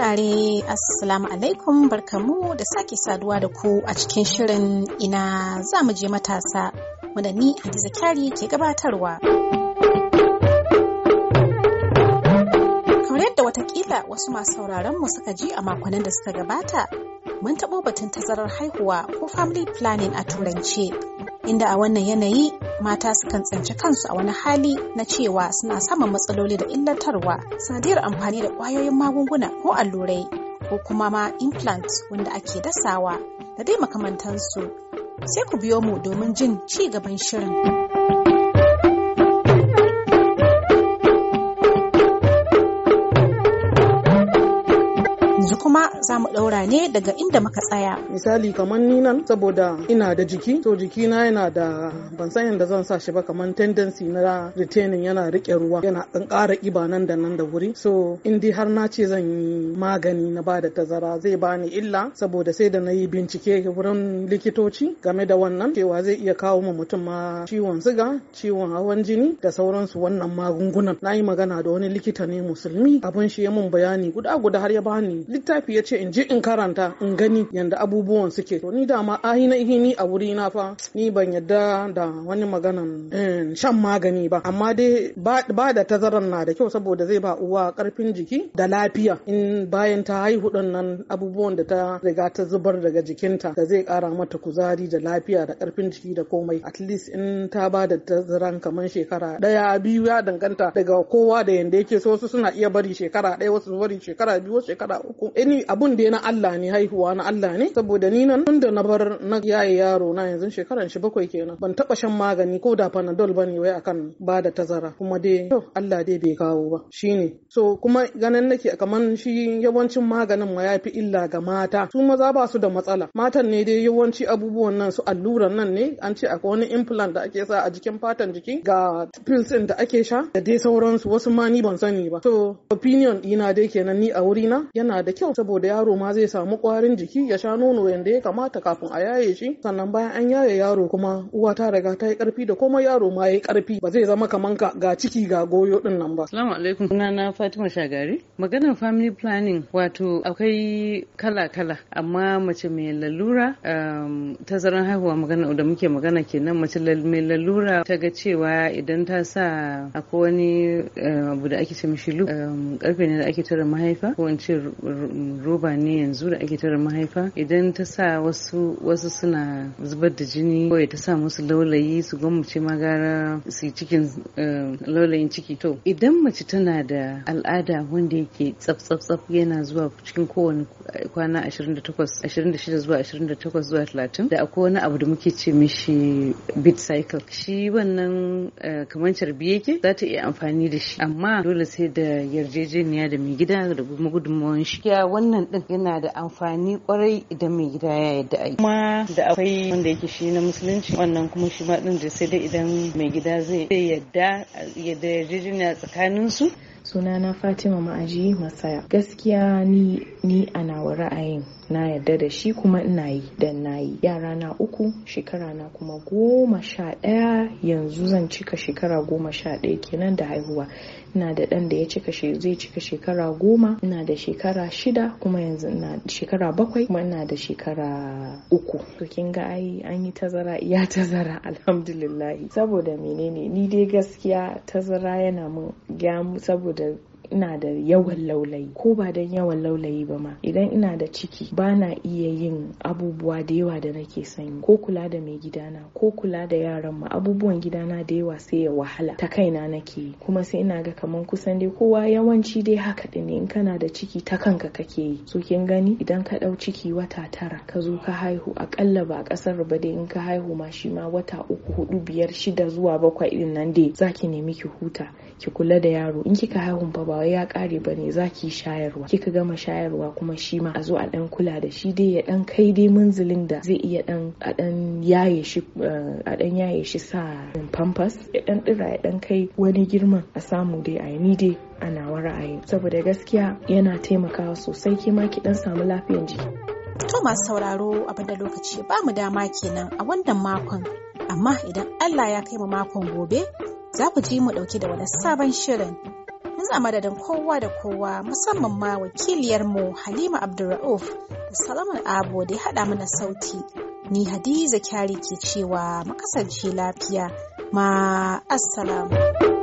saurare assalamu alaikum barkamu da sake saduwa da ku a cikin shirin ina za mu je matasa wanda ni a Kyari ke gabatarwa. Kamar yadda watakila wasu masu sauraron mu suka ji a makonnin da suka gabata, mun taɓo batun tazarar haihuwa ko family planning a turance, inda a wannan yanayi mata sukan tsinci kansu a wani hali na cewa suna samun matsaloli da illatarwa sanadiyar amfani da kwayoyin magunguna ko allurai ko kuma ma implant wanda ake dasawa da dai makamantansu sai ku biyo mu domin jin ci gaban shirin. kuma za mu ɗaura ne daga inda muka tsaya. Misali kamar ni nan saboda ina da jiki, to na yana da ban san yadda zan sa shi ba kamar tendency na retaining yana rike ruwa yana ɗan ƙara ƙiba nan da nan da wuri. So in dai har na ce zan yi magani na ba da tazara zai bani illa saboda sai da na yi bincike wurin likitoci game da wannan cewa zai iya kawo ma mutum ma ciwon siga, ciwon hawan jini da sauransu wannan magungunan. Na yi magana da wani likita ne musulmi abun shi ya mun bayani guda guda har ya bani littafi littafi ya ce in ji in karanta in gani yadda abubuwan suke to ni dama ahina ihini a wuri na fa ni ban yadda da wani maganan eh, shan magani ba amma dai ba da tazarar na da kyau saboda zai ba uwa karfin jiki da lafiya in bayan ta haihu nan abubuwan da ta riga ta zubar daga jikinta da zai kara mata kuzari da lafiya da karfin jiki da komai at least in ta ba da tazaran kamar shekara daya biyu ya danganta daga kowa da yanda yake so wasu suna iya bari shekara daya wasu bari shekara biyu wasu shekara uku ni abun da na Allah ne haihuwa na Allah ne saboda ni nan tunda na bar na yaye yaro na yanzu shekaran shi bakwai kenan ban taba shan magani ko da panadol bane wai akan ba da tazara kuma dai to Allah dai bai kawo ba shine so kuma ganin nake kaman shi yawancin maganin ma yafi illa ga mata su maza ba su da matsala matan ne dai yawanci abubuwan nan su alluran nan ne an ce akwai wani implant da ake sa a jikin fatan jiki ga pills din da ake sha da dai sauransu wasu ma ni ban sani ba so opinion dina dai kenan ni a wurina yana da kyau saboda yaro ma zai samu kwarin jiki ya sha nono yadda ya kamata kafin a yaye shi sannan bayan an yaye yaro kuma uwa ta riga ta yi karfi da kuma yaro ma ya yi ƙarfi ba zai zama kaman ka ga ciki ga goyo din nan ba. Assalamu alaikum sunana Fatima Shagari maganar family planning wato akwai kala-kala amma mace mai lalura um, tazaran haihuwa magana da muke magana kenan mace mai lalura ta ga cewa idan ta sa akwai wani eh, abu da ake ce mishi karfe um, ne da ake tara mahaifa ko in ce roba ne yanzu da ake tara mahaifa idan ta sa wasu wasu suna zubar da jini ko ta sa musu laulayi su gwammace magara su yi cikin eh, laulayin ciki to idan mace tana da al'ada wanda yake tsaf yana zuwa cikin kowane kwana 28 26 zuwa 28 zuwa 30 da akwai wani abu da muke ce mishi bit cycle shi wannan eh, kamar carbi yake za ta iya amfani da shi amma dole sai da yarjejeniya da mai gida da kuma gudunmawar shi wannan din yana da amfani kwarai idan mai gida ya yadda aiki kuma da akwai wanda yake shi na musulunci wannan kuma shi ma din da sai dai idan mai gida zai yadda yadda yarjejeniya tsakanin su sunana fatima ma'aji masaya gaskiya ni ni ana ra'ayin na yarda da shi kuma ina yi dan na yi yara na uku shekara na kuma goma sha ɗaya yanzu zan cika shekara goma sha ɗaya kenan da haihuwa ina da ɗan da ya cika zai cika shekara goma ina da shekara shida kuma yanzu ina shekara bakwai kuma ina da shekara uku to kin ga ai an yi tazara Ya tazara alhamdulillahi saboda menene ni dai gaskiya tazara yana mun gyamu saboda ina da yawan laulayi ko ba don yawan laulayi ba ma idan ina da ciki ba na iya yin abubuwa da yawa da nake sanyi ko kula da mai gidana ko kula da yaran ma abubuwan gidana da yawa sai ya wahala ta kaina nake yi kuma sai ina ga kamar kusan dai kowa yawanci dai haka din ne in kana da ciki ta kanka kake yi so kin gani idan ka ɗau ciki wata tara ka zo ka haihu akalla ba a ƙasar ba dai in ka haihu ma shi ma wata uku hudu biyar shida zuwa bakwai din nan dai zaki nemi ki huta ki kula da yaro in kika haihu fa ba wai ya kare ba ne za ki shayarwa kika gama shayarwa kuma shi ma a zo a dan kula da shi dai ya dan kai dai munzulin da zai iya dan a dan yaye shi eh, a dan yaye shi sa pampers ya dan dira ya dan kai wani girman a samu dai a ni dai a nawa ra'ayi saboda gaskiya yana taimakawa sosai kima ki dan samu lafiyan jiki To masu sauraro abin da lokaci ba mu dama kenan a wannan makon, amma idan Allah ya kai mu makon gobe, za ku ji mu dauke da wani sabon shirin. yanzu a madadin kowa da kowa musamman ma wakiliyarmu halima abdulra'uf da salamun abu da ya haɗa mana sauti ni hadiza kyari ke cewa makasance lafiya ma assalamu